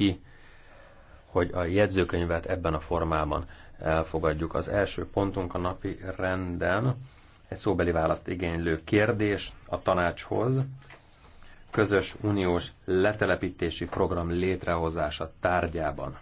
ki, hogy a jegyzőkönyvet ebben a formában elfogadjuk. Az első pontunk a napi renden egy szóbeli választ igénylő kérdés a tanácshoz, közös uniós letelepítési program létrehozása tárgyában.